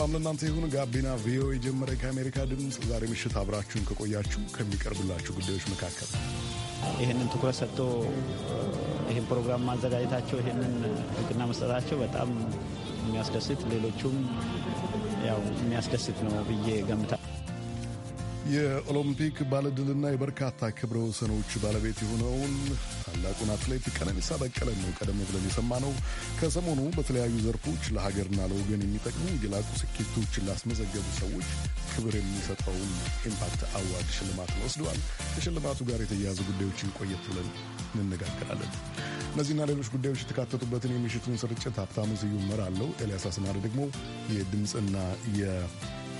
ሰላም ለእናንተ ይሁን። ጋቢና ቪኦኤ ጀመረ። ከአሜሪካ ድምፅ ዛሬ ምሽት አብራችሁን ከቆያችሁ ከሚቀርብላችሁ ጉዳዮች መካከል ይህንን ትኩረት ሰጥቶ ይህን ፕሮግራም ማዘጋጀታቸው ይህንን እውቅና መስጠታቸው በጣም የሚያስደስት ሌሎቹም ያው የሚያስደስት ነው ብዬ ገምታል። የኦሎምፒክ ባለድልና የበርካታ ክብረ ወሰኖች ባለቤት የሆነውን ታላቁን አትሌት ቀነኒሳ በቀለ ነው ቀደም ብለን ነው። ከሰሞኑ በተለያዩ ዘርፎች ለሀገርና ለወገን የሚጠቅሙ የላቁ ስኬቶችን ላስመዘገቡ ሰዎች ክብር የሚሰጠውን ኢምፓክት አዋርድ ሽልማትን ወስደዋል። ከሽልማቱ ጋር የተያያዙ ጉዳዮችን ቆየት ብለን እንነጋገራለን። እነዚህና ሌሎች ጉዳዮች የተካተቱበትን የምሽቱን ስርጭት ሀብታሙ ስዩም መራለው። ኤልያስ አስማሪ ደግሞ የድምፅና የ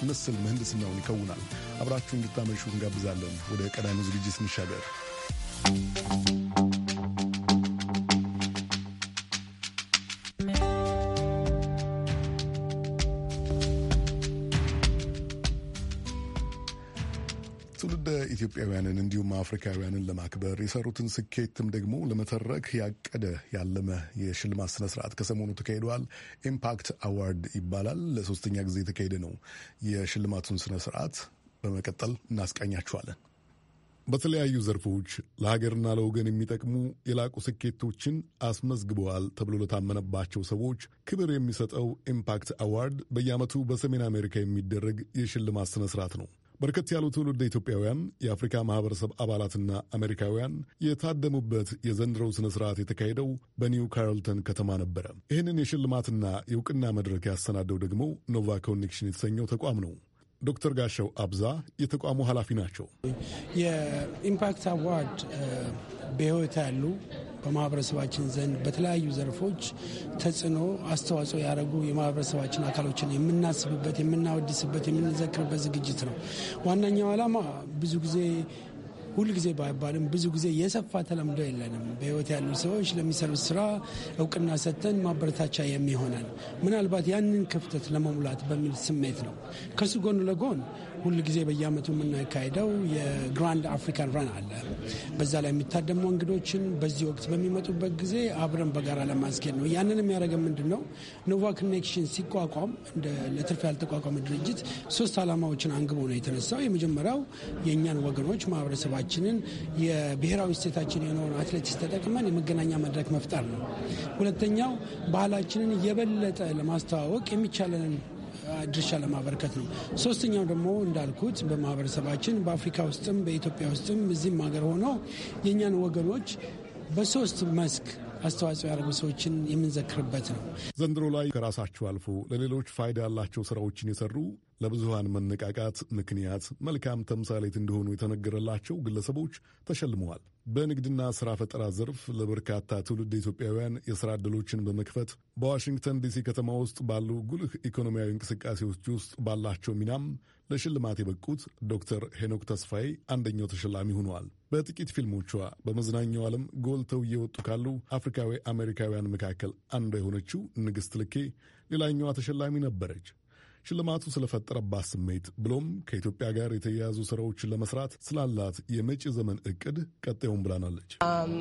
መሰል ምህንድስናውን ይከውናል። አብራችሁ እንድታመሹ እንጋብዛለን። ወደ ቀዳሚው ዝግጅት እንሻገር። ኢትዮጵያውያንን እንዲሁም አፍሪካውያንን ለማክበር የሰሩትን ስኬትም ደግሞ ለመተረክ ያቀደ ያለመ የሽልማት ስነ ስርዓት ከሰሞኑ ተካሂደዋል። ኢምፓክት አዋርድ ይባላል። ለሶስተኛ ጊዜ የተካሄደ ነው። የሽልማቱን ስነ ስርዓት በመቀጠል እናስቃኛችኋለን። በተለያዩ ዘርፎች ለሀገርና ለወገን የሚጠቅሙ የላቁ ስኬቶችን አስመዝግበዋል ተብሎ ለታመነባቸው ሰዎች ክብር የሚሰጠው ኢምፓክት አዋርድ በየዓመቱ በሰሜን አሜሪካ የሚደረግ የሽልማት ስነ ስርዓት ነው። በርከት ያሉ ትውልድ ኢትዮጵያውያን የአፍሪካ ማህበረሰብ አባላትና አሜሪካውያን የታደሙበት የዘንድሮው ስነ ስርዓት የተካሄደው በኒው ካርልተን ከተማ ነበረ። ይህንን የሽልማትና የእውቅና መድረክ ያሰናደው ደግሞ ኖቫ ኮኔክሽን የተሰኘው ተቋም ነው። ዶክተር ጋሻው አብዛ የተቋሙ ኃላፊ ናቸው። የኢምፓክት አዋርድ በህይወት ያሉ በማህበረሰባችን ዘንድ በተለያዩ ዘርፎች ተጽዕኖ አስተዋጽኦ ያደረጉ የማህበረሰባችን አካሎችን የምናስብበት፣ የምናወድስበት፣ የምንዘክርበት ዝግጅት ነው። ዋናኛው ዓላማ ብዙ ጊዜ ሁል ጊዜ ባይባልም ብዙ ጊዜ የሰፋ ተለምዶ የለንም። በህይወት ያሉ ሰዎች ለሚሰሩት ስራ እውቅና ሰጥተን ማበረታቻ የሚሆነን ምናልባት ያንን ክፍተት ለመሙላት በሚል ስሜት ነው። ከሱ ጎን ለጎን ጊዜ በየአመቱ የምናካሄደው የግራንድ አፍሪካን ረን አለ። በዛ ላይ የሚታደሙ እንግዶችን በዚህ ወቅት በሚመጡበት ጊዜ አብረን በጋራ ለማስኬድ ነው። ያንን የሚያደርገን ምንድን ነው? ኖቫ ኮኔክሽን ሲቋቋም እንደ ለትርፍ ያልተቋቋመ ድርጅት ሶስት ዓላማዎችን አንግቦ ነው የተነሳው። የመጀመሪያው የእኛን ወገኖች ማህበረሰባችንን የብሔራዊ እሴታችን የሆነውን አትሌቲክስ ተጠቅመን የመገናኛ መድረክ መፍጠር ነው። ሁለተኛው ባህላችንን የበለጠ ለማስተዋወቅ የሚቻለንን ድርሻ ለማበረከት ነው። ሶስተኛው ደግሞ እንዳልኩት በማህበረሰባችን በአፍሪካ ውስጥም በኢትዮጵያ ውስጥም እዚህም ሀገር ሆኖ የእኛን ወገኖች በሶስት መስክ አስተዋጽኦ ያደረጉ ሰዎችን የምንዘክርበት ነው። ዘንድሮ ላይ ከራሳችሁ አልፎ ለሌሎች ፋይዳ ያላቸው ስራዎችን የሰሩ ለብዙሃን መነቃቃት ምክንያት መልካም ተምሳሌት እንደሆኑ የተነገረላቸው ግለሰቦች ተሸልመዋል። በንግድና ሥራ ፈጠራ ዘርፍ ለበርካታ ትውልድ ኢትዮጵያውያን የሥራ ዕድሎችን በመክፈት በዋሽንግተን ዲሲ ከተማ ውስጥ ባሉ ጉልህ ኢኮኖሚያዊ እንቅስቃሴዎች ውስጥ ባላቸው ሚናም ለሽልማት የበቁት ዶክተር ሄኖክ ተስፋዬ አንደኛው ተሸላሚ ሆኗል። በጥቂት ፊልሞቿ በመዝናኛው ዓለም ጎልተው እየወጡ ካሉ አፍሪካዊ አሜሪካውያን መካከል አንዷ የሆነችው ንግሥት ልኬ ሌላኛዋ ተሸላሚ ነበረች። ሽልማቱ ስለፈጠረባት ስሜት ብሎም ከኢትዮጵያ ጋር የተያያዙ ስራዎችን ለመስራት ስላላት የመጪ ዘመን እቅድ ቀጣዩን ብላናለች። um,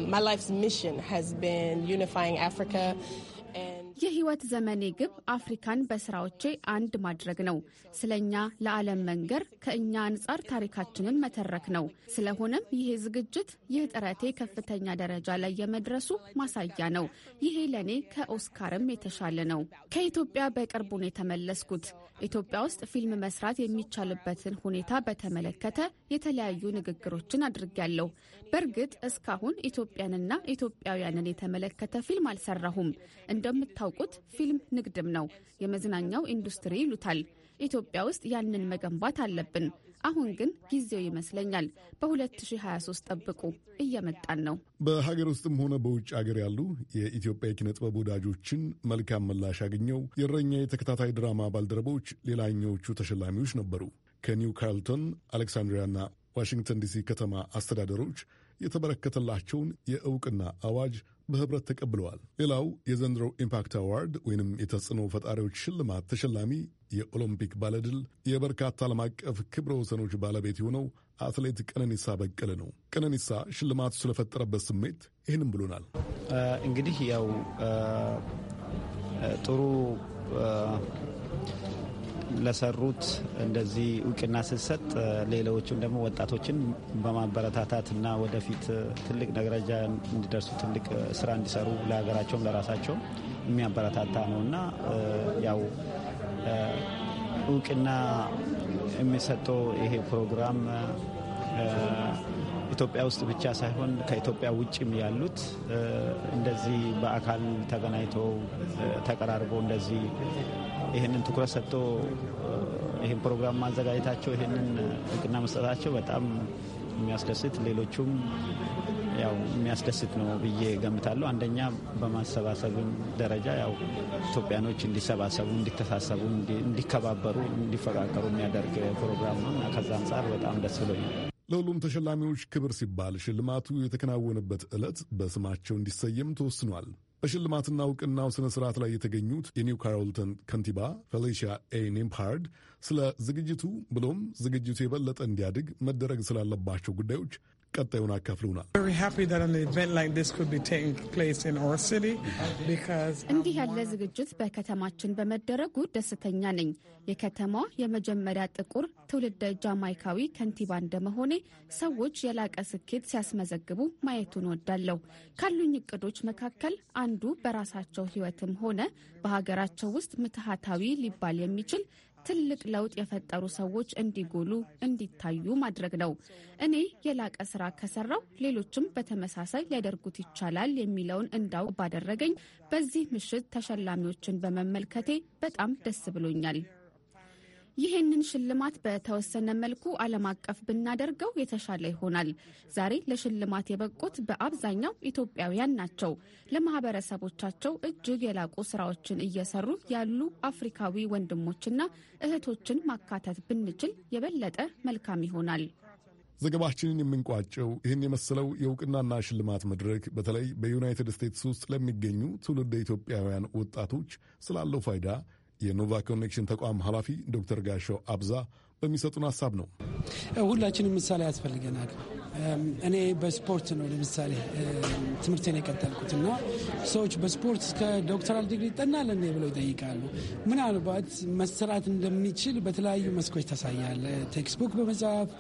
የህይወት ዘመኔ ግብ አፍሪካን በስራዎቼ አንድ ማድረግ ነው። ስለኛ ለዓለም መንገር፣ ከእኛ አንጻር ታሪካችንን መተረክ ነው። ስለሆነም ይሄ ዝግጅት፣ ይህ ጥረቴ ከፍተኛ ደረጃ ላይ የመድረሱ ማሳያ ነው። ይሄ ለእኔ ከኦስካርም የተሻለ ነው። ከኢትዮጵያ በቅርቡ ነው የተመለስኩት። ኢትዮጵያ ውስጥ ፊልም መስራት የሚቻልበትን ሁኔታ በተመለከተ የተለያዩ ንግግሮችን አድርጊያለሁ። በእርግጥ እስካሁን ኢትዮጵያንና ኢትዮጵያውያንን የተመለከተ ፊልም አልሰራሁም እንደምታ የሚያውቁት ፊልም ንግድም ነው። የመዝናኛው ኢንዱስትሪ ይሉታል። ኢትዮጵያ ውስጥ ያንን መገንባት አለብን። አሁን ግን ጊዜው ይመስለኛል። በ2023 ጠብቁ፣ እየመጣን ነው። በሀገር ውስጥም ሆነ በውጭ ሀገር ያሉ የኢትዮጵያ የኪነ ጥበብ ወዳጆችን መልካም ምላሽ ያገኘው የእረኛ የተከታታይ ድራማ ባልደረቦች ሌላኛዎቹ ተሸላሚዎች ነበሩ። ከኒው ካርልቶን አሌክሳንድሪያና ዋሽንግተን ዲሲ ከተማ አስተዳደሮች የተበረከተላቸውን የእውቅና አዋጅ በህብረት ተቀብለዋል። ሌላው የዘንድሮው ኢምፓክት አዋርድ ወይንም የተጽዕኖ ፈጣሪዎች ሽልማት ተሸላሚ የኦሎምፒክ ባለድል የበርካታ ዓለም አቀፍ ክብረ ወሰኖች ባለቤት የሆነው አትሌት ቀነኒሳ በቀለ ነው። ቀነኒሳ ሽልማቱ ስለፈጠረበት ስሜት ይህንም ብሎናል። እንግዲህ ያው ጥሩ ለሰሩት እንደዚህ እውቅና ስትሰጥ ሌሎችም ደግሞ ወጣቶችን በማበረታታትና ወደፊት ትልቅ ደረጃ እንዲደርሱ ትልቅ ስራ እንዲሰሩ ለሀገራቸውም ለራሳቸውም የሚያበረታታ ነው እና ያው እውቅና የሚሰጠው ይሄ ፕሮግራም ኢትዮጵያ ውስጥ ብቻ ሳይሆን ከኢትዮጵያ ውጭም ያሉት እንደዚህ በአካል ተገናኝተው ተቀራርበው እንደዚህ ይህንን ትኩረት ሰጥቶ ይህን ፕሮግራም ማዘጋጀታቸው ይህንን እውቅና መስጠታቸው በጣም የሚያስደስት ሌሎቹም ያው የሚያስደስት ነው ብዬ ገምታለሁ። አንደኛ በማሰባሰብም ደረጃ ያው ኢትዮጵያኖች እንዲሰባሰቡ፣ እንዲተሳሰቡ፣ እንዲከባበሩ፣ እንዲፈቃቀሩ የሚያደርግ ፕሮግራም ነው እና ከዛ አንጻር በጣም ደስ ብሎኛል። ለሁሉም ተሸላሚዎች ክብር ሲባል ሽልማቱ የተከናወነበት ዕለት በስማቸው እንዲሰየም ተወስኗል። በሽልማትና እውቅናው ስነ ስርዓት ላይ የተገኙት የኒው ካሮልተን ከንቲባ ፌሊሺያ ኤ ኔምፓርድ ስለ ዝግጅቱ ብሎም ዝግጅቱ የበለጠ እንዲያድግ መደረግ ስላለባቸው ጉዳዮች ቀጣዩን አካፍሉናል። እንዲህ ያለ ዝግጅት በከተማችን በመደረጉ ደስተኛ ነኝ። የከተማ የመጀመሪያ ጥቁር ትውልደ ጃማይካዊ ከንቲባ እንደመሆኔ ሰዎች የላቀ ስኬት ሲያስመዘግቡ ማየቱን ወዳለሁ። ካሉኝ እቅዶች መካከል አንዱ በራሳቸው ሕይወትም ሆነ በሀገራቸው ውስጥ ምትሃታዊ ሊባል የሚችል ትልቅ ለውጥ የፈጠሩ ሰዎች እንዲጎሉ፣ እንዲታዩ ማድረግ ነው። እኔ የላቀ ስራ ከሰራው ሌሎችም በተመሳሳይ ሊያደርጉት ይቻላል የሚለውን እንዳውቅ ባደረገኝ በዚህ ምሽት ተሸላሚዎችን በመመልከቴ በጣም ደስ ብሎኛል። ይህንን ሽልማት በተወሰነ መልኩ ዓለም አቀፍ ብናደርገው የተሻለ ይሆናል። ዛሬ ለሽልማት የበቁት በአብዛኛው ኢትዮጵያውያን ናቸው። ለማህበረሰቦቻቸው እጅግ የላቁ ስራዎችን እየሰሩ ያሉ አፍሪካዊ ወንድሞችና እህቶችን ማካተት ብንችል የበለጠ መልካም ይሆናል። ዘገባችንን የምንቋጨው ይህን የመሰለው የእውቅናና ሽልማት መድረክ በተለይ በዩናይትድ ስቴትስ ውስጥ ለሚገኙ ትውልድ ኢትዮጵያውያን ወጣቶች ስላለው ፋይዳ የኖቫ ኮኔክሽን ተቋም ኃላፊ ዶክተር ጋሻው አብዛ በሚሰጡን ሀሳብ ነው። ሁላችንም ምሳሌ ያስፈልገናል። እኔ በስፖርት ነው ለምሳሌ ትምህርቴን የቀጠልኩት እና ሰዎች በስፖርት እስከ ዶክተራል ዲግሪ ይጠናለን ብለው ይጠይቃሉ። ምናልባት መሰራት እንደሚችል በተለያዩ መስኮች ታሳያለ። ቴክስቡክ በመጽሐፍ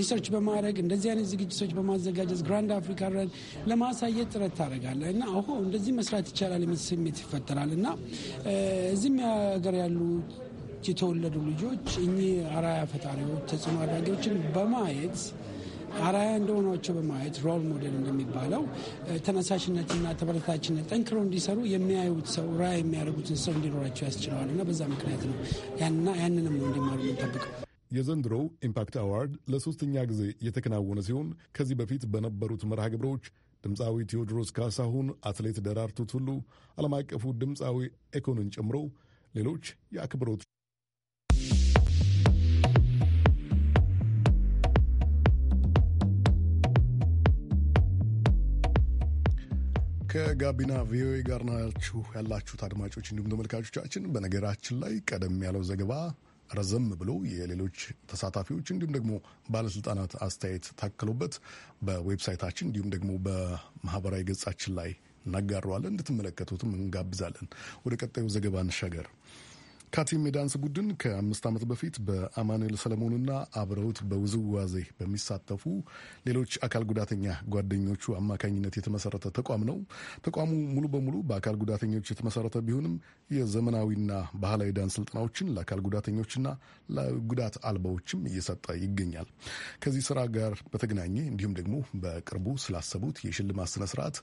ሪሰርች በማድረግ እንደዚህ አይነት ዝግጅቶች በማዘጋጀት ግራንድ አፍሪካ ረን ለማሳየት ጥረት ታደርጋለህ እና አሁ እንደዚህ መስራት ይቻላል የሚል ስሜት ይፈጠራል እና እዚህም ሀገር ያሉ የተወለዱ ልጆች እኚህ አራያ ፈጣሪዎች፣ ተጽዕኖ አድራጊዎችን በማየት አራያ እንደሆኗቸው በማየት ሮል ሞዴል እንደሚባለው ተነሳሽነትና ተበረታችነት ጠንክረው እንዲሰሩ የሚያዩት ሰው ራ የሚያደርጉትን ሰው እንዲኖራቸው ያስችለዋል እና በዛ ምክንያት ነው ያንና ያንንም ነው እንዲማሩ የምንጠብቀው። የዘንድሮው ኢምፓክት አዋርድ ለሶስተኛ ጊዜ የተከናወነ ሲሆን ከዚህ በፊት በነበሩት መርሃ ግብሮች ድምፃዊ ቴዎድሮስ ካሳሁን፣ አትሌት ደራርቱ ቱሉ፣ ዓለም አቀፉ ድምፃዊ ኤኮንን ጨምሮ ሌሎች የአክብሮት ከጋቢና ቪኦኤ ጋር ናችሁ ያላችሁት አድማጮች እንዲሁም ተመልካቾቻችን። በነገራችን ላይ ቀደም ያለው ዘገባ ረዘም ብሎ የሌሎች ተሳታፊዎች እንዲሁም ደግሞ ባለስልጣናት አስተያየት ታክሎበት በዌብሳይታችን እንዲሁም ደግሞ በማህበራዊ ገጻችን ላይ እናጋረዋለን። እንድትመለከቱትም እንጋብዛለን። ወደ ቀጣዩ ዘገባ እንሻገር። ካቲም የዳንስ ቡድን ከአምስት ዓመት በፊት በአማኑኤል ሰለሞንና አብረውት በውዝዋዜ በሚሳተፉ ሌሎች አካል ጉዳተኛ ጓደኞቹ አማካኝነት የተመሰረተ ተቋም ነው። ተቋሙ ሙሉ በሙሉ በአካል ጉዳተኞች የተመሰረተ ቢሆንም የዘመናዊና ባህላዊ ዳንስ ስልጠናዎችን ለአካል ጉዳተኞችና ለጉዳት አልባዎችም እየሰጠ ይገኛል። ከዚህ ስራ ጋር በተገናኘ እንዲሁም ደግሞ በቅርቡ ስላሰቡት የሽልማት ስነስርዓት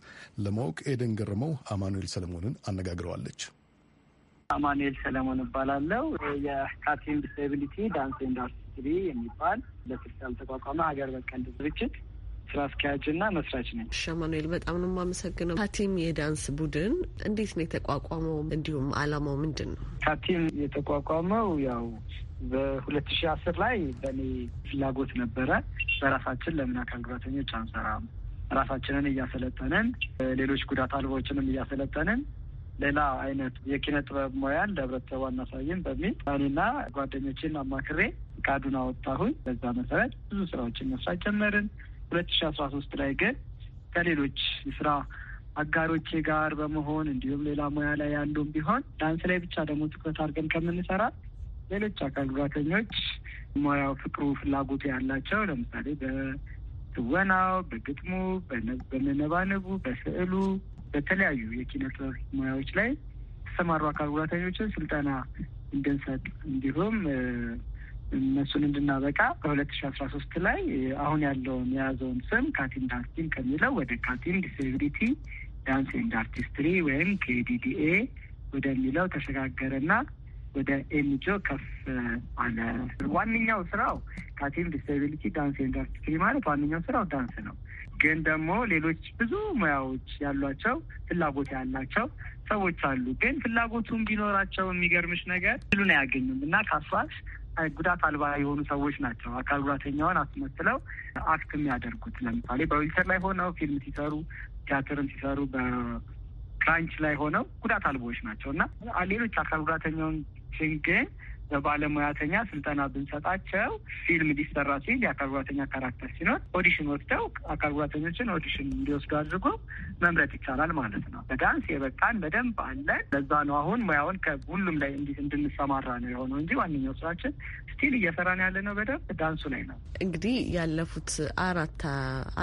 ለማወቅ ኤደን ገረመው አማኑኤል ሰለሞንን አነጋግረዋለች። አማኑኤል ሰለሞን እባላለሁ። የካትሪን ዲስኤቢሊቲ ዳንስ ኢንዱስትሪ የሚባል በትርት ያልተቋቋመ ሀገር በቀል ድርጅት ስራ አስኪያጅና መስራች ነኝ። ሻማኑኤል በጣም ነው የማመሰግነው። ካቲም የዳንስ ቡድን እንዴት ነው የተቋቋመው? እንዲሁም አላማው ምንድን ነው? ካቲም የተቋቋመው ያው በሁለት ሺ አስር ላይ በእኔ ፍላጎት ነበረ። በራሳችን ለምን አካል ጉዳተኞች አንሰራም? ራሳችንን እያሰለጠንን ሌሎች ጉዳት አልባዎችንም እያሰለጠንን ሌላ አይነት የኪነ ጥበብ ሙያን ለህብረተሰቡ አናሳይም በሚል እኔና ጓደኞችን አማክሬ ቃዱን አወጣሁኝ። በዛ መሰረት ብዙ ስራዎችን መስራት ጀመርን። ሁለት ሺ አስራ ሶስት ላይ ግን ከሌሎች ስራ አጋሮቼ ጋር በመሆን እንዲሁም ሌላ ሙያ ላይ ያሉም ቢሆን ዳንስ ላይ ብቻ ደግሞ ትኩረት አድርገን ከምንሰራ ሌሎች አካል ጉዳተኞች ሙያው ፍቅሩ፣ ፍላጎቱ ያላቸው ለምሳሌ በትወናው፣ በግጥሙ፣ በመነባነቡ፣ በስዕሉ በተለያዩ የኪነ ጥበብ ሙያዎች ላይ የተሰማሩ አካል ጉዳተኞችን ስልጠና እንድንሰጥ እንዲሁም እነሱን እንድናበቃ በሁለት ሺ አስራ ሶስት ላይ አሁን ያለውን የያዘውን ስም ካቲን ዳንስቲን ከሚለው ወደ ካቲን ዲሴቢሊቲ ዳንስ ኤንድ አርቲስትሪ ወይም ኬዲዲኤ ወደሚለው ተሸጋገረና ወደ ኤንጂኦ ከፍ አለ። ዋነኛው ስራው ካቲን ዲሴቢሊቲ ዳንስ ኤንድ አርቲስትሪ ማለት ዋነኛው ስራው ዳንስ ነው። ግን ደግሞ ሌሎች ብዙ ሙያዎች ያሏቸው ፍላጎት ያላቸው ሰዎች አሉ። ግን ፍላጎቱን ቢኖራቸው የሚገርምሽ ነገር ሁሉን አያገኙም እና ካሷሽ ጉዳት አልባ የሆኑ ሰዎች ናቸው። አካል ጉዳተኛውን አስመስለው አክት የሚያደርጉት ለምሳሌ በዊልቸር ላይ ሆነው ፊልም ሲሰሩ፣ ቲያትርም ሲሰሩ በክራንች ላይ ሆነው ጉዳት አልቦዎች ናቸው እና ሌሎች አካል ጉዳተኛውን ግን በባለሙያተኛ ስልጠና ብንሰጣቸው ፊልም ሊሰራ ሲል የአካል ጉዳተኛ ካራክተር ሲኖር ኦዲሽን ወስደው አካል ጉዳተኞችን ኦዲሽን እንዲወስዱ አድርጎ መምረጥ ይቻላል ማለት ነው። በዳንስ የበቃን በደንብ አለን። ለዛ ነው አሁን ሙያውን ከሁሉም ላይ እንድንሰማራ ነው የሆነው እንጂ ዋነኛው ስራችን ስቲል እየሰራን ያለ ነው በደንብ ዳንሱ ላይ ነው። እንግዲህ ያለፉት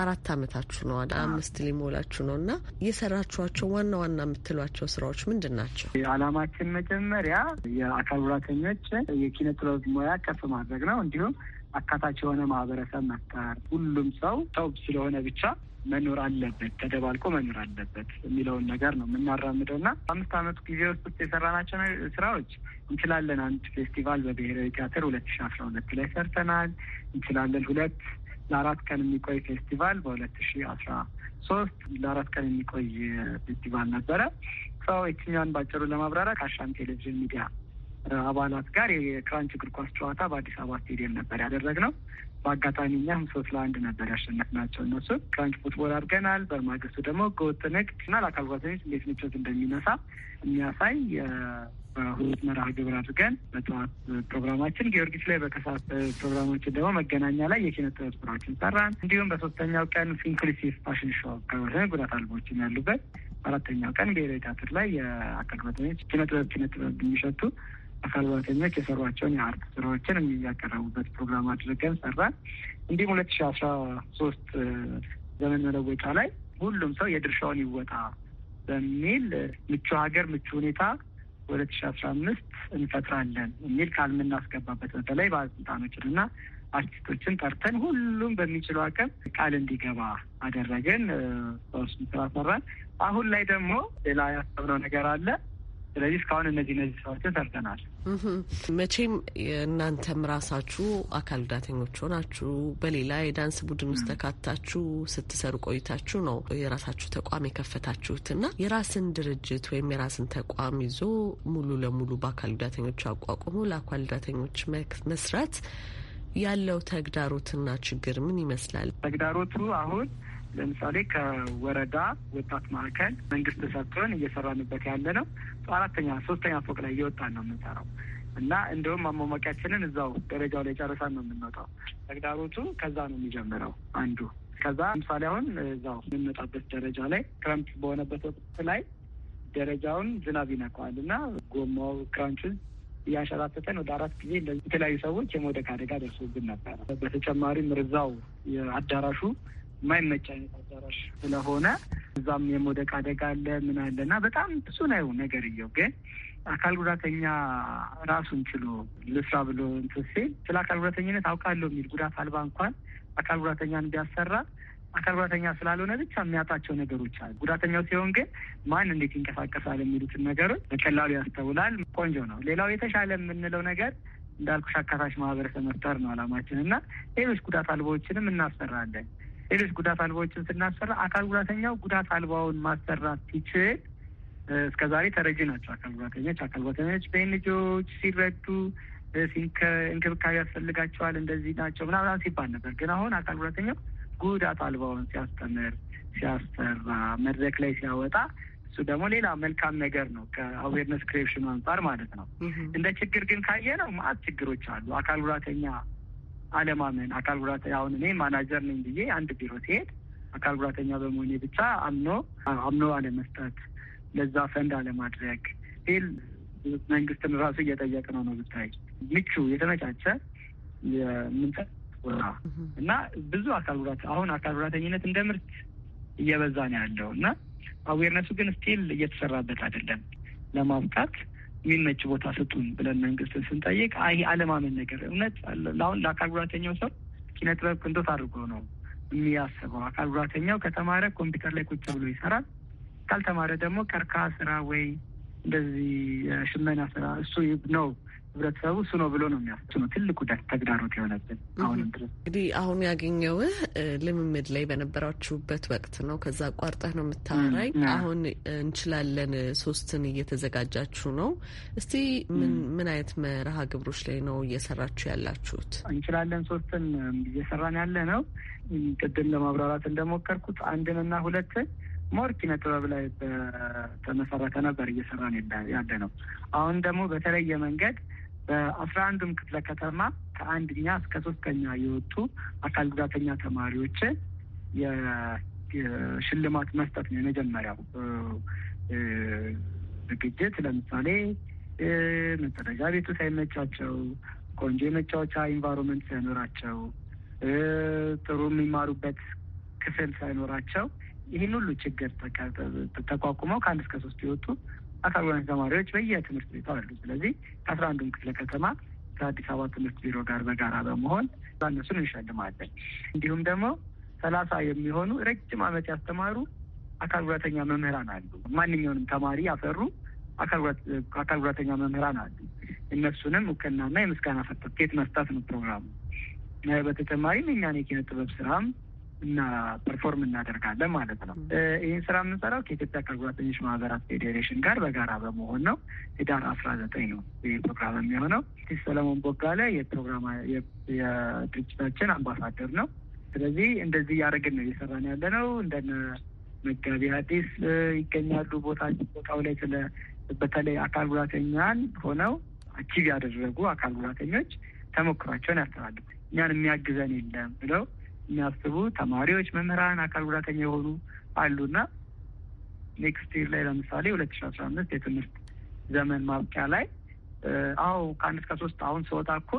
አራት አመታችሁ ነው አምስት ሊሞላችሁ ነው እና የሰራችኋቸው ዋና ዋና የምትሏቸው ስራዎች ምንድን ናቸው? አላማችን መጀመሪያ የአካል ጉዳተኞች በማሰብ የኪነ ጥበብ ሙያ ከፍ ማድረግ ነው። እንዲሁም አካታች የሆነ ማህበረሰብ መፍጠር፣ ሁሉም ሰው ሰው ስለሆነ ብቻ መኖር አለበት፣ ተደባልቆ መኖር አለበት የሚለውን ነገር ነው የምናራምደው እና አምስት አመቱ ጊዜ ውስጥ የሰራናቸው ስራዎች እንችላለን አንድ ፌስቲቫል በብሔራዊ ቲያትር ሁለት ሺ አስራ ሁለት ላይ ሰርተናል። እንችላለን ሁለት ለአራት ቀን የሚቆይ ፌስቲቫል በሁለት ሺ አስራ ሶስት ለአራት ቀን የሚቆይ ፌስቲቫል ነበረ። ሰው የትኛውን ባጭሩ ለማብራራት ከአሻም ቴሌቪዥን ሚዲያ አባላት ጋር የክራንች እግር ኳስ ጨዋታ በአዲስ አበባ ስቴዲየም ነበር ያደረግነው። በአጋጣሚ እኛም ሶስት ለአንድ ነበር ያሸነፍናቸው እነሱ። ክራንች ፉትቦል አድርገናል። በማግስቱ ደግሞ ህገወጥ ንግድ እና ለአካል ጉዳተኞች እንዴት ምቾት እንደሚነሳ የሚያሳይ በሁለት መርሃ ግብር አድርገን በጠዋት ፕሮግራማችን ጊዮርጊስ ላይ፣ በከሰዓት ፕሮግራማችን ደግሞ መገናኛ ላይ የኪነ ጥበብ ስራዎችን ሰራን። እንዲሁም በሶስተኛው ቀን ኢንክሉሲቭ ፋሽን ሾ አካባቢ ጉዳት አልቦችን ያሉበት፣ አራተኛው ቀን ብሔራዊ ቲያትር ላይ የአካል ጉዳተኞች ኪነ ጥበብ ኪነ ጥበብ የሚሸቱ አካል ጉዳተኞች የሰሯቸውን የአርት ስራዎችን የሚያቀረቡበት ፕሮግራም አድርገን ሰራን። እንዲሁም ሁለት ሺ አስራ ሶስት ዘመን መለወጫ ላይ ሁሉም ሰው የድርሻውን ይወጣ በሚል ምቹ ሀገር ምቹ ሁኔታ ሁለት ሺ አስራ አምስት እንፈጥራለን የሚል ቃል የምናስገባበት በተለይ ባለስልጣኖችን እና አርቲስቶችን ጠርተን ሁሉም በሚችለው አቅም ቃል እንዲገባ አደረግን። ሰዎች ስራ ሰራን። አሁን ላይ ደግሞ ሌላ ያሰብነው ነገር አለ። ስለዚህ እስካሁን እነዚህ እነዚህ ስራዎችን ሰርተናል። መቼም እናንተም ራሳችሁ አካል ጉዳተኞች ሆናችሁ በሌላ የዳንስ ቡድን ውስጥ ተካታችሁ ስትሰሩ ቆይታችሁ ነው የራሳችሁ ተቋም የከፈታችሁት እና የራስን ድርጅት ወይም የራስን ተቋም ይዞ ሙሉ ለሙሉ በአካል ጉዳተኞች አቋቁሞ ለአካል ጉዳተኞች መስራት ያለው ተግዳሮትና ችግር ምን ይመስላል? ተግዳሮቱ አሁን ለምሳሌ ከወረዳ ወጣት ማዕከል መንግስት ተሰጥቶን እየሰራንበት ያለ ነው። አራተኛ ሶስተኛ ፎቅ ላይ እየወጣን ነው የምንሰራው እና እንደውም ማሟሟቂያችንን እዛው ደረጃው ላይ ጨርሰን ነው የምንመጣው። ተግዳሮቱ ከዛ ነው የሚጀምረው አንዱ። ከዛ ለምሳሌ አሁን እዛው የምንመጣበት ደረጃ ላይ ክረምት በሆነበት ወቅት ላይ ደረጃውን ዝናብ ይነካዋል እና ጎማው ክራንቹን እያንሸራተተን ወደ አራት ጊዜ የተለያዩ ሰዎች የመውደቅ አደጋ ደርሶብን ነበረ። በተጨማሪም ርዛው የአዳራሹ የማይመች አይነት አዳራሽ ስለሆነ እዛም የመውደቅ አደጋ አለ ምን አለ እና በጣም ብዙ ነው እየው ግን አካል ጉዳተኛ ራሱን ችሎ ልስራ ብሎ እንትን ሲል ስለ አካል ጉዳተኝነት አውቃለሁ የሚል ጉዳት አልባ እንኳን አካል ጉዳተኛን ቢያሰራ አካል ጉዳተኛ ስላልሆነ ብቻ የሚያጣቸው ነገሮች አሉ። ጉዳተኛው ሲሆን ግን ማን እንዴት ይንቀሳቀሳል የሚሉትን ነገሮች በቀላሉ ያስተውላል። ቆንጆ ነው። ሌላው የተሻለ የምንለው ነገር እንዳልኩሽ አካታች ማህበረሰብ መፍጠር ነው አላማችን እና ሌሎች ጉዳት አልባዎችንም እናሰራለን። ሌሎች ጉዳት አልባዎችን ስናሰራ አካል ጉዳተኛው ጉዳት አልባውን ማሰራት ሲችል እስከ ዛሬ ተረጂ ናቸው። አካል ጉዳተኞች አካል ጉዳተኞች በኤንጂኦዎች ሲረዱ እንክብካቤ ያስፈልጋቸዋል እንደዚህ ናቸው ምናምን ሲባል ነበር። ግን አሁን አካል ጉዳተኛው ጉዳት አልባውን ሲያስተምር፣ ሲያሰራ፣ መድረክ ላይ ሲያወጣ እሱ ደግሞ ሌላ መልካም ነገር ነው ከአዌርነስ ክሬሽኑ አንጻር ማለት ነው። እንደ ችግር ግን ካየ ነው ማአት ችግሮች አሉ አካል ጉዳተኛ አለማመን አካል ጉዳተኛ አሁን እኔ ማናጀር ነኝ ብዬ አንድ ቢሮ ሲሄድ አካል ጉዳተኛ በመሆኔ ብቻ አምኖ አምኖ አለመስጠት፣ ለዛ ፈንድ አለማድረግ ል መንግስትን ራሱ እየጠየቅ ነው ነው ብታይ ምቹ የተመቻቸ የምንጠ እና ብዙ አካል ጉዳት አሁን አካል ጉዳተኝነት እንደ ምርት እየበዛ ነው ያለው እና አዌርነሱ ግን ስቲል እየተሰራበት አይደለም ለማብቃት የሚመች ቦታ ስጡን ብለን መንግስትን ስንጠይቅ አይ አለማመን ነገር እውነት አሁን ለአካል ጉዳተኛው ሰው ኪነ ጥበብ ቅንጦት አድርጎ ነው የሚያስበው። አካል ጉዳተኛው ከተማረ ኮምፒውተር ላይ ቁጭ ብሎ ይሰራል። ካልተማረ ደግሞ ቀርከሃ ስራ ወይ እንደዚህ ሽመና ስራ እሱ ነው ህብረተሰቡ እሱ ነው ብሎ ነው የሚያስ ነው ትልቁ ተግዳሮት የሆነብን አሁንም ድረስ። እንግዲህ አሁን ያገኘውህ ልምምድ ላይ በነበራችሁበት ወቅት ነው። ከዛ ቋርጠህ ነው የምታወራኝ። አሁን እንችላለን ሶስትን እየተዘጋጃችሁ ነው። እስቲ ምን አይነት መርሃ ግብሮች ላይ ነው እየሰራችሁ ያላችሁት? እንችላለን ሶስትን እየሰራን ያለ ነው። ቅድም ለማብራራት እንደሞከርኩት አንድንና ሁለትን ሞር ኪነ ጥበብ ላይ በተመሰረተ ነበር ነው ያለ ነው። አሁን ደግሞ በተለየ መንገድ በአስራ አንዱም ክፍለ ከተማ ከአንድኛ እስከ ሶስተኛ የወጡ አካል ጉዳተኛ ተማሪዎች የሽልማት መስጠት ነው የመጀመሪያው ዝግጅት። ለምሳሌ መጸዳጃ ቤቱ ሳይመቻቸው፣ ቆንጆ የመጫወቻ ኢንቫይሮንመንት ሳይኖራቸው፣ ጥሩ የሚማሩበት ክፍል ሳይኖራቸው ይህን ሁሉ ችግር ተቋቁመው ከአንድ እስከ ሶስት የወጡ አካል ሁለት ተማሪዎች በየትምህርት ቤቱ አሉ። ስለዚህ ከአስራ አንዱም ክፍለ ከተማ ከአዲስ አበባ ትምህርት ቢሮ ጋር በጋራ በመሆን እነሱን እንሸልማለን። እንዲሁም ደግሞ ሰላሳ የሚሆኑ ረጅም ዓመት ያስተማሩ አካል ጉዳተኛ መምህራን አሉ። ማንኛውንም ተማሪ ያፈሩ አካል ጉዳተኛ መምህራን አሉ። እነሱንም እውቅናና የምስጋና ሰርተፍኬት መስጠት ነው ፕሮግራሙ። በተጨማሪም እኛን የኪነ ጥበብ ስራም እና ፐርፎርም እናደርጋለን ማለት ነው። ይህን ስራ የምንሰራው ከኢትዮጵያ ከጓደኞች ማህበራት ፌዴሬሽን ጋር በጋራ በመሆን ነው። ህዳር አስራ ዘጠኝ ነው ይህ ፕሮግራም የሚሆነው። ቲስ ሰለሞን ቦጋለ የፕሮግራም የድርጅታችን አምባሳደር ነው። ስለዚህ እንደዚህ እያደረግን ነው እየሰራን ያለ ነው። እንደነ መጋቢ አዲስ ይገኛሉ ቦታ ቦታው ላይ ስለ በተለይ አካል ጉዳተኛን ሆነው አቺቭ ያደረጉ አካል ጉዳተኞች ተሞክሯቸውን ያስተላልፉ እኛን የሚያግዘን የለም ብለው የሚያስቡ ተማሪዎች፣ መምህራን፣ አካል ጉዳተኛ የሆኑ አሉና ኔክስት ይር ላይ ለምሳሌ ሁለት ሺ አስራ አምስት የትምህርት ዘመን ማብቂያ ላይ አዎ ከአንድ እስከ ሶስት አሁን ስወጣ እኮ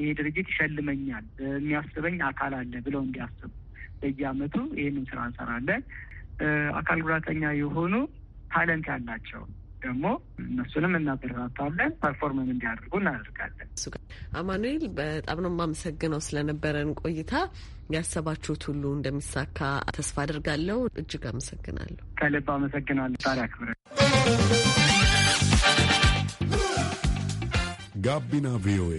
ይሄ ድርጅት ይሸልመኛል የሚያስበኝ አካል አለ ብለው እንዲያስቡ በየአመቱ ይህንን ስራ እንሰራለን። አካል ጉዳተኛ የሆኑ ታለንት ያላቸው ደግሞ እነሱንም እናበረታታለን፣ ፐርፎርመን እንዲያደርጉ እናደርጋለን። አማኑኤል በጣም ነው የማመሰግነው ስለነበረን ቆይታ። ያሰባችሁት ሁሉ እንደሚሳካ ተስፋ አድርጋለሁ። እጅግ አመሰግናለሁ። ከልብ አመሰግናለሁ። ታሪያ ክብረ ጋቢና ቪኦኤ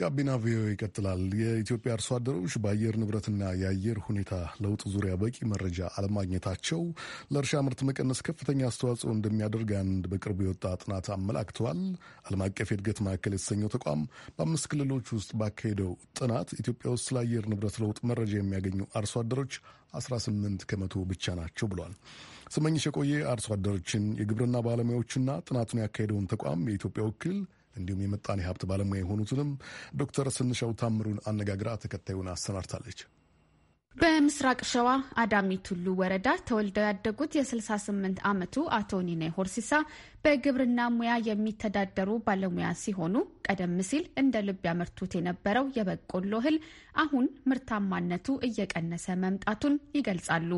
ጋቢና ቪኦኤ ይቀጥላል። የኢትዮጵያ አርሶ አደሮች በአየር ንብረትና የአየር ሁኔታ ለውጥ ዙሪያ በቂ መረጃ አለማግኘታቸው ለእርሻ ምርት መቀነስ ከፍተኛ አስተዋጽኦ እንደሚያደርግ አንድ በቅርቡ የወጣ ጥናት አመላክተዋል። ዓለም አቀፍ የእድገት ማዕከል የተሰኘው ተቋም በአምስት ክልሎች ውስጥ ባካሄደው ጥናት ኢትዮጵያ ውስጥ ስለ አየር ንብረት ለውጥ መረጃ የሚያገኙ አርሶ አደሮች 18 ከመቶ ብቻ ናቸው ብሏል። ስመኝሽ የቆየ አርሶ አደሮችን፣ የግብርና ባለሙያዎችና ጥናቱን ያካሄደውን ተቋም የኢትዮጵያ ወኪል እንዲሁም የምጣኔ ሀብት ባለሙያ የሆኑትንም ዶክተር ስንሻው ታምሩን አነጋግራ ተከታዩን አሰናድታለች። በምስራቅ ሸዋ አዳሚ ቱሉ ወረዳ ተወልደው ያደጉት የ68 ዓመቱ አቶ ኒኔ ሆርሲሳ በግብርና ሙያ የሚተዳደሩ ባለሙያ ሲሆኑ ቀደም ሲል እንደ ልብ ያመርቱት የነበረው የበቆሎ እህል አሁን ምርታማነቱ እየቀነሰ መምጣቱን ይገልጻሉ።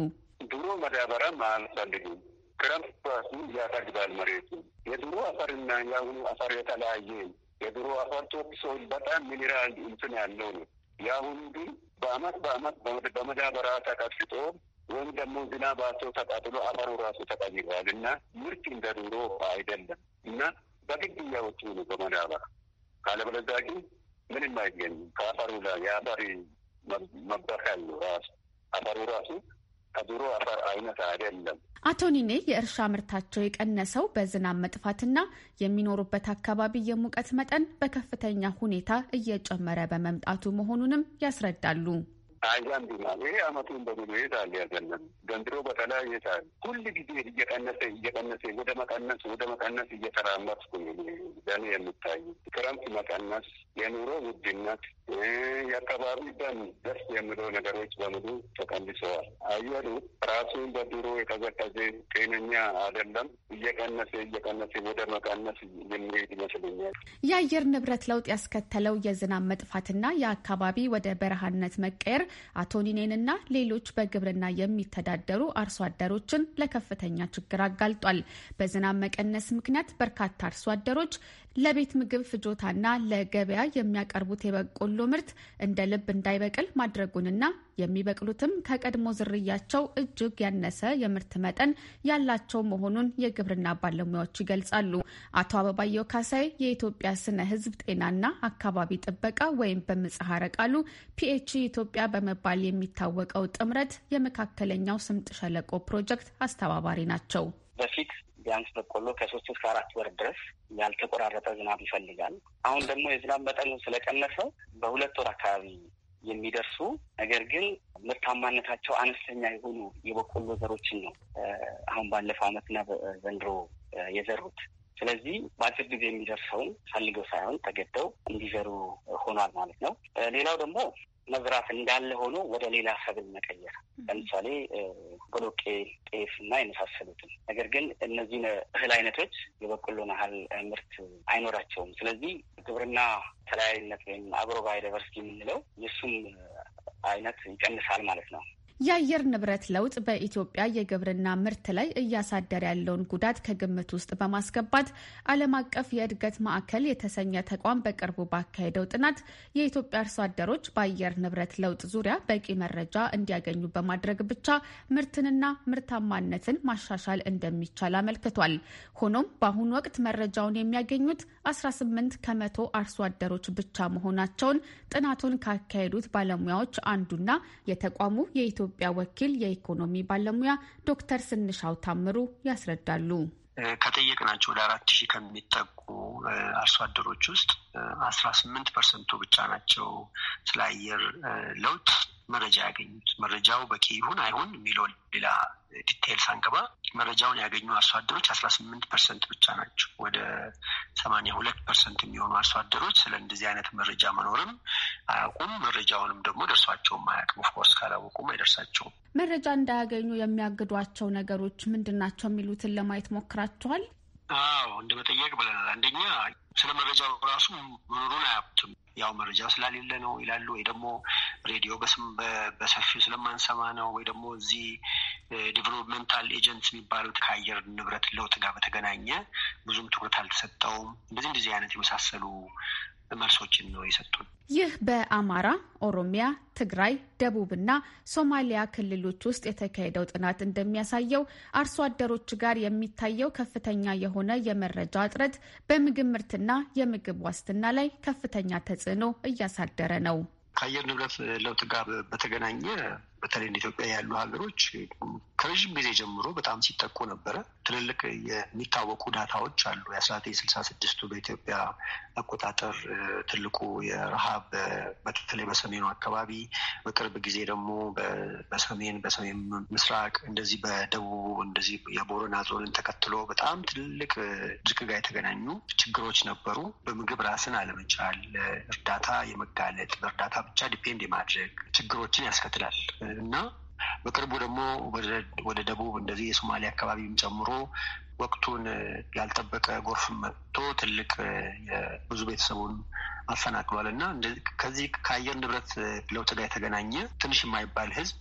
ድሮ መዳበሪያም አልፈልጉም ክረምት ኳሱ ያሳግዳል መሬቱ። የድሮ አፈርና የአሁኑ አፈር የተለያየ የድሮ አፈር ቶክሶል በጣም ሚኒራል እንትን ያለው ነው። የአሁኑ ግን በአመት በአመት በመዳበራ ተቀስጦ ወይም ደግሞ ዝናባቸው ተቃጥሎ አፈሩ ራሱ ተቀይሯል እና ምርት እንደ ድሮ አይደለም እና በግድ እያወጡ ነው በመዳበሪያ ካለበለዚያ ግን ምንም አይገኝም። ከአፈሩ ላይ የአፈር መበከል ራሱ አፈሩ ራሱ ከድሮ አፈር አይነት አይደለም። አቶ ኒኔ የእርሻ ምርታቸው የቀነሰው በዝናብ መጥፋትና የሚኖሩበት አካባቢ የሙቀት መጠን በከፍተኛ ሁኔታ እየጨመረ በመምጣቱ መሆኑንም ያስረዳሉ። አይዛን ቢማል ይሄ አመቱን በሙሉ ይሄዳል። ያዘለም ዘንድሮ በተለያየ ይሄዳል። ሁል ጊዜ እየቀነሰ እየቀነሰ ወደ መቀነስ ወደ መቀነስ እየተራመድኩ ለኔ የሚታይ ክረምት መቀነስ፣ የኑሮ ውድነት፣ የአካባቢ ደን ደስ የምለው ነገሮች በሙሉ ተቀንሰዋል። አየሩ ራሱን በድሮ የቀዘቀዘ ጤነኛ አይደለም። እየቀነሰ እየቀነሰ ወደ መቀነስ የሚሄድ ይመስለኛል። የአየር ንብረት ለውጥ ያስከተለው የዝናብ መጥፋትና የአካባቢ ወደ በረሃነት መቀየር አቶ ኒኔንና ሌሎች በግብርና የሚተዳደሩ አርሶ አደሮችን ለከፍተኛ ችግር አጋልጧል። በዝናብ መቀነስ ምክንያት በርካታ አርሶ አደሮች ለቤት ምግብ ፍጆታና ለገበያ የሚያቀርቡት የበቆሎ ምርት እንደ ልብ እንዳይበቅል ማድረጉንና የሚበቅሉትም ከቀድሞ ዝርያቸው እጅግ ያነሰ የምርት መጠን ያላቸው መሆኑን የግብርና ባለሙያዎች ይገልጻሉ። አቶ አበባየው ካሳይ የኢትዮጵያ ስነ ሕዝብ ጤናና አካባቢ ጥበቃ ወይም በምጽሐረ ቃሉ ፒኤች ኢትዮጵያ በመባል የሚታወቀው ጥምረት የመካከለኛው ስምጥ ሸለቆ ፕሮጀክት አስተባባሪ ናቸው። በፊት ቢያንስ በቆሎ ከሶስት እስከ አራት ወር ድረስ ያልተቆራረጠ ዝናብ ይፈልጋል። አሁን ደግሞ የዝናብ መጠኑ ስለቀነሰ በሁለት ወር አካባቢ የሚደርሱ ነገር ግን ምርታማነታቸው አነስተኛ የሆኑ የበቆሎ ዘሮችን ነው አሁን ባለፈው ዓመትና ዘንድሮ የዘሩት። ስለዚህ በአጭር ጊዜ የሚደርሰውን ፈልገው ሳይሆን ተገደው እንዲዘሩ ሆኗል ማለት ነው። ሌላው ደግሞ መዝራት እንዳለ ሆኖ ወደ ሌላ ሰብል መቀየር ለምሳሌ ቦሎቄ፣ ጤፍ እና የመሳሰሉትን። ነገር ግን እነዚህ እህል አይነቶች የበቆሎን ያህል ምርት አይኖራቸውም። ስለዚህ ግብርና ተለያዩነት ወይም አግሮ ባዮዳይቨርሲቲ የምንለው የሱም አይነት ይቀንሳል ማለት ነው። የአየር ንብረት ለውጥ በኢትዮጵያ የግብርና ምርት ላይ እያሳደረ ያለውን ጉዳት ከግምት ውስጥ በማስገባት ዓለም አቀፍ የእድገት ማዕከል የተሰኘ ተቋም በቅርቡ ባካሄደው ጥናት የኢትዮጵያ አርሶ አደሮች በአየር ንብረት ለውጥ ዙሪያ በቂ መረጃ እንዲያገኙ በማድረግ ብቻ ምርትንና ምርታማነትን ማሻሻል እንደሚቻል አመልክቷል። ሆኖም በአሁኑ ወቅት መረጃውን የሚያገኙት 18 ከመቶ አርሶ አደሮች ብቻ መሆናቸውን ጥናቱን ካካሄዱት ባለሙያዎች አንዱና የተቋሙ የኢትዮ የኢትዮጵያ ወኪል የኢኮኖሚ ባለሙያ ዶክተር ስንሻው ታምሩ ያስረዳሉ። ከጠየቅናቸው ወደ አራት ሺህ ከሚጠጉ አርሶ አደሮች ውስጥ አስራ ስምንት ፐርሰንቱ ብቻ ናቸው ስለ አየር ለውጥ መረጃ ያገኙት። መረጃው በቂ ይሁን አይሁን የሚለው ሌላ ዲቴይል ሳንገባ መረጃውን ያገኙ አርሶ አደሮች አስራ ስምንት ፐርሰንት ብቻ ናቸው። ወደ ሰማንያ ሁለት ፐርሰንት የሚሆኑ አርሶ አደሮች ስለ እንደዚህ አይነት መረጃ መኖርም አያውቁም። መረጃውንም ደግሞ ደርሷቸውም አያውቅም። ኦፍኮርስ ካላወቁም አይደርሳቸውም። መረጃ እንዳያገኙ የሚያግዷቸው ነገሮች ምንድን ናቸው የሚሉትን ለማየት ሞክራቸዋል? አዎ እንደ መጠየቅ ብለናል። አንደኛ ስለ መረጃው ራሱ መኖሩን አያውቁትም። ያው መረጃው ስላሌለ ነው ይላሉ። ወይ ደግሞ ሬዲዮ በስም በሰፊው ስለማንሰማ ነው። ወይ ደግሞ እዚህ ዲቨሎፕመንታል ኤጀንት የሚባሉት ከአየር ንብረት ለውጥ ጋር በተገናኘ ብዙም ትኩረት አልተሰጠውም። እንደዚህ እንደዚህ አይነት የመሳሰሉ መልሶችን ነው የሰጡን። ይህ በአማራ፣ ኦሮሚያ፣ ትግራይ፣ ደቡብና ሶማሊያ ክልሎች ውስጥ የተካሄደው ጥናት እንደሚያሳየው አርሶ አደሮች ጋር የሚታየው ከፍተኛ የሆነ የመረጃ እጥረት በምግብ ምርትና የምግብ ዋስትና ላይ ከፍተኛ ተጽዕኖ እያሳደረ ነው። ከአየር ንብረት ለውጥ ጋር በተገናኘ በተለይ እንደ ኢትዮጵያ ያሉ ሀገሮች ከረዥም ጊዜ ጀምሮ በጣም ሲጠቁ ነበረ። ትልልቅ የሚታወቁ ዳታዎች አሉ። የአስራ ዘጠኝ ስልሳ ስድስቱ በኢትዮጵያ አቆጣጠር ትልቁ የረሃብ በተለይ በሰሜኑ አካባቢ፣ በቅርብ ጊዜ ደግሞ በሰሜን በሰሜን ምስራቅ እንደዚህ በደቡቡ እንደዚህ የቦረና ዞንን ተከትሎ በጣም ትልልቅ ድርቅ ጋር የተገናኙ ችግሮች ነበሩ። በምግብ ራስን አለመቻል፣ እርዳታ የመጋለጥ በእርዳታ ብቻ ዲፔንድ የማድረግ ችግሮችን ያስከትላል። እና በቅርቡ ደግሞ ወደ ደቡብ እንደዚህ የሶማሌ አካባቢም ጨምሮ ወቅቱን ያልጠበቀ ጎርፍ መጥቶ ትልቅ የብዙ ቤተሰቡን አፈናቅሏል እና ከዚህ ከአየር ንብረት ለውጥ ጋር የተገናኘ ትንሽ የማይባል ህዝብ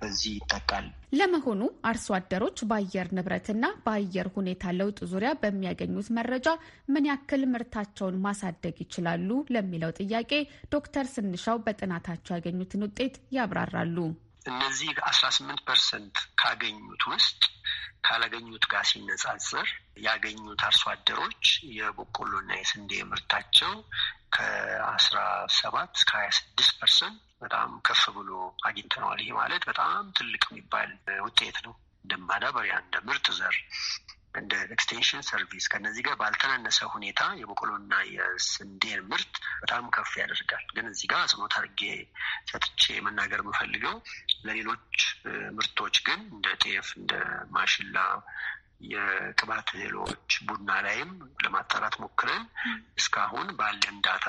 በዚህ ይጠቃል። ለመሆኑ አርሶ አደሮች በአየር ንብረትና በአየር ሁኔታ ለውጥ ዙሪያ በሚያገኙት መረጃ ምን ያክል ምርታቸውን ማሳደግ ይችላሉ ለሚለው ጥያቄ ዶክተር ስንሻው በጥናታቸው ያገኙትን ውጤት ያብራራሉ። እነዚህ አስራ ስምንት ፐርሰንት ካገኙት ውስጥ ካላገኙት ጋር ሲነጻጽር ያገኙት አርሶ አደሮች የበቆሎና የስንዴ ምርታቸው ከአስራ ሰባት እስከ ሀያ ስድስት ፐርሰንት በጣም ከፍ ብሎ አግኝተነዋል። ይሄ ማለት በጣም ትልቅ የሚባል ውጤት ነው። እንደ ማዳበሪያ፣ እንደ ምርጥ ዘር እንደ ኤክስቴንሽን ሰርቪስ ከነዚህ ጋር ባልተናነሰ ሁኔታ የበቆሎና የስንዴን ምርት በጣም ከፍ ያደርጋል። ግን እዚህ ጋር አጽንኦት አድርጌ ሰጥቼ መናገር የምፈልገው ለሌሎች ምርቶች ግን እንደ ጤፍ፣ እንደ ማሽላ የቅባት ሌሎች ቡና ላይም ለማጣራት ሞክረን እስካሁን ባለን ዳታ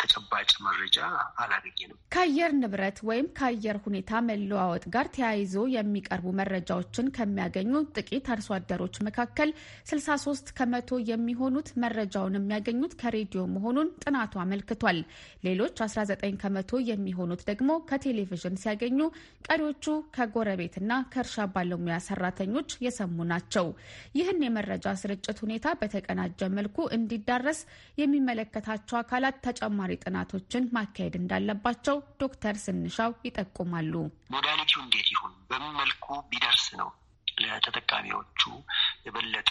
ተጨባጭ መረጃ አላገኘንም። ከአየር ንብረት ወይም ከአየር ሁኔታ መለዋወጥ ጋር ተያይዞ የሚቀርቡ መረጃዎችን ከሚያገኙ ጥቂት አርሶ አደሮች መካከል 63 ከመቶ የሚሆኑት መረጃውን የሚያገኙት ከሬዲዮ መሆኑን ጥናቱ አመልክቷል። ሌሎች 19 ከመቶ የሚሆኑት ደግሞ ከቴሌቪዥን ሲያገኙ፣ ቀሪዎቹ ከጎረቤትና ከእርሻ ባለሙያ ሰራተኞች የሰሙ ናቸው። ይህን የመረጃ ስርጭት ሁኔታ በተቀናጀ መልኩ እንዲዳረስ የሚመለከታቸው አካላት ተጨማሪ ጥናቶችን ማካሄድ እንዳለባቸው ዶክተር ስንሻው ይጠቁማሉ። ሞዳሊቲው እንዴት ይሁን፣ በምን መልኩ ቢደርስ ነው ለተጠቃሚዎቹ የበለጠ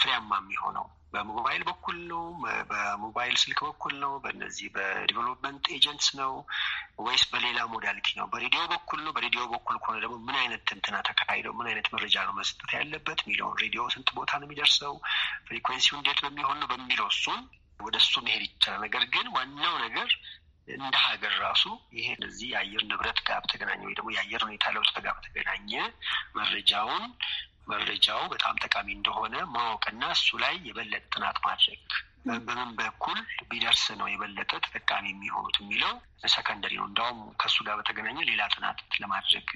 ፍሬያማ የሚሆነው በሞባይል በኩል ነው? በሞባይል ስልክ በኩል ነው? በእነዚህ በዲቨሎፕመንት ኤጀንትስ ነው ወይስ በሌላ ሞዳሊቲ ነው? በሬዲዮ በኩል ነው? በሬዲዮ በኩል ከሆነ ደግሞ ምን አይነት ትንትና ተካሂደው ምን አይነት መረጃ ነው መስጠት ያለበት የሚለውን ሬዲዮ ስንት ቦታ ነው የሚደርሰው፣ ፍሪኩዌንሲው እንዴት በሚሆን ነው በሚለው እሱን ወደ እሱ መሄድ ይቻላል። ነገር ግን ዋናው ነገር እንደ ሀገር ራሱ ይሄ እዚህ የአየር ንብረት ጋር በተገናኘ ወይ ደግሞ የአየር ሁኔታ ለውጥ ጋር በተገናኘ መረጃውን መረጃው በጣም ጠቃሚ እንደሆነ ማወቅና እሱ ላይ የበለጠ ጥናት ማድረግ በምን በኩል ቢደርስ ነው የበለጠ ተጠቃሚ የሚሆኑት የሚለው ሰከንደሪ ነው። እንዲያውም ከእሱ ጋር በተገናኘ ሌላ ጥናት ለማድረግ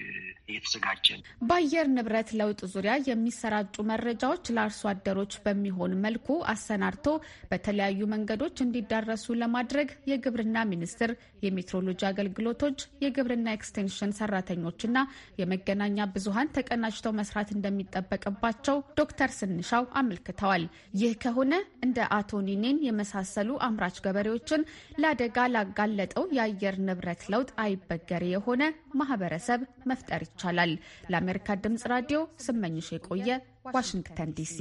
እየተዘጋጀ ነው። በአየር ንብረት ለውጥ ዙሪያ የሚሰራጩ መረጃዎች ለአርሶ አደሮች በሚሆን መልኩ አሰናድቶ በተለያዩ መንገዶች እንዲዳረሱ ለማድረግ የግብርና ሚኒስቴር፣ የሜትሮሎጂ አገልግሎቶች፣ የግብርና ኤክስቴንሽን ሰራተኞችና የመገናኛ ብዙሀን ተቀናጅተው መስራት እንደሚጠበቅባቸው ዶክተር ስንሻው አመልክተዋል። ይህ ከሆነ እንደ አቶኒ ፊሊኔን የመሳሰሉ አምራች ገበሬዎችን ለአደጋ ላጋለጠው የአየር ንብረት ለውጥ አይበገሬ የሆነ ማህበረሰብ መፍጠር ይቻላል። ለአሜሪካ ድምጽ ራዲዮ ስመኝሽ የቆየ ዋሽንግተን ዲሲ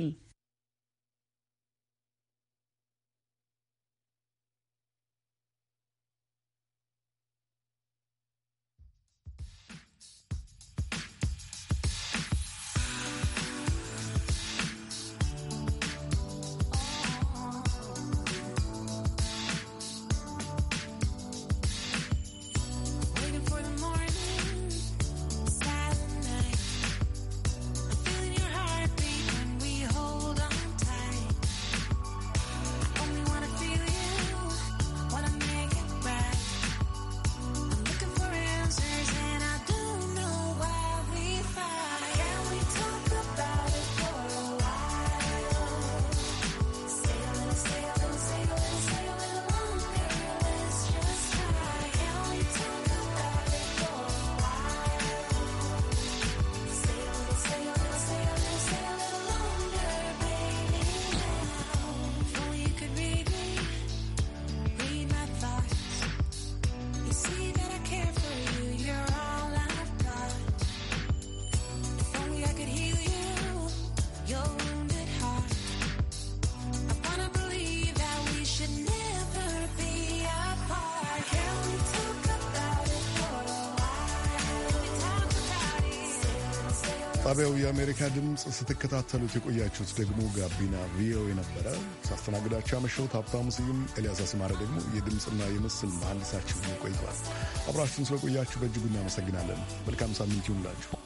ከጣቢያው የአሜሪካ ድምፅ ስትከታተሉት የቆያችሁት ደግሞ ጋቢና ቪኦኤ ነበረ። ሳስተናግዳችሁ ያመሸሁት ሀብታሙ ስዩም፣ ኤልያስ አስማረ ደግሞ የድምፅና የምስል መሐንዲሳችሁ ቆይቷል። አብራችሁን ስለቆያችሁ በእጅጉ እናመሰግናለን። መልካም ሳምንት ይሁንላችሁ።